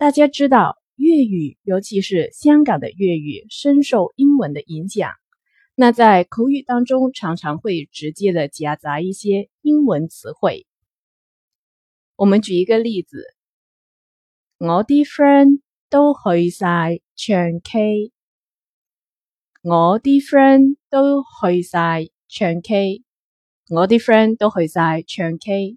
大家知道粵語，尤其是香港的粵語，深受英文的影響。那在口語當中，常常會直接的夾雜一些英文詞彙。我們舉一個例子：我啲 friend 都去晒唱 K，我啲 friend 都去晒唱 K，我啲 friend 都去晒唱 K。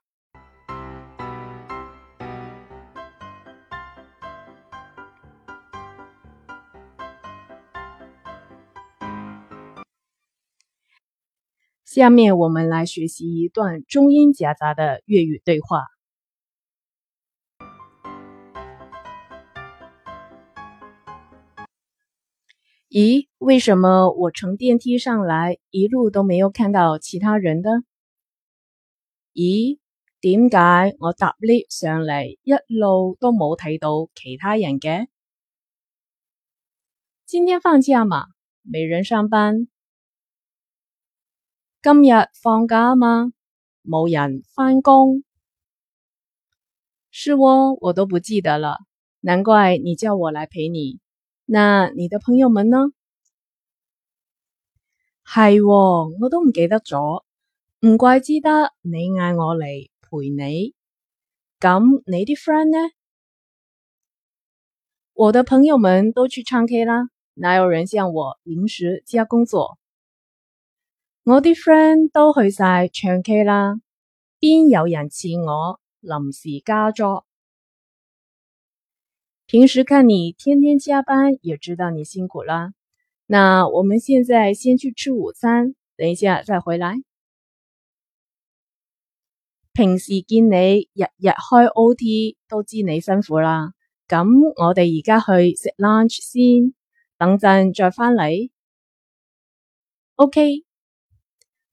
下面我們來學習一段中英夾雜的粵語對話。咦，為什麼我乘電梯上來，一路都沒有看到其他人呢？咦，點解我搭 lift 上嚟，一路都冇睇到其他人嘅？今天放假嘛，沒人上班。今日放假嘛，冇人翻工。是喎，我都不記得了。難怪你叫我來陪你。那你的朋友們呢？係喎，我都唔記得咗。唔怪之得你嗌我嚟陪你。咁你啲 friend 呢？我的朋友們都去唱 K 啦，哪有人像我臨時加工作？我啲 friend 都去晒唱 K 啦，邊有人似我臨時加咗？平時看你天天加班，也知道你辛苦啦。那我們現在先去吃午餐，等一下再回來。平時見你日日開 OT，都知你辛苦啦。咁我哋而家去食 lunch 先，等陣再翻嚟。OK。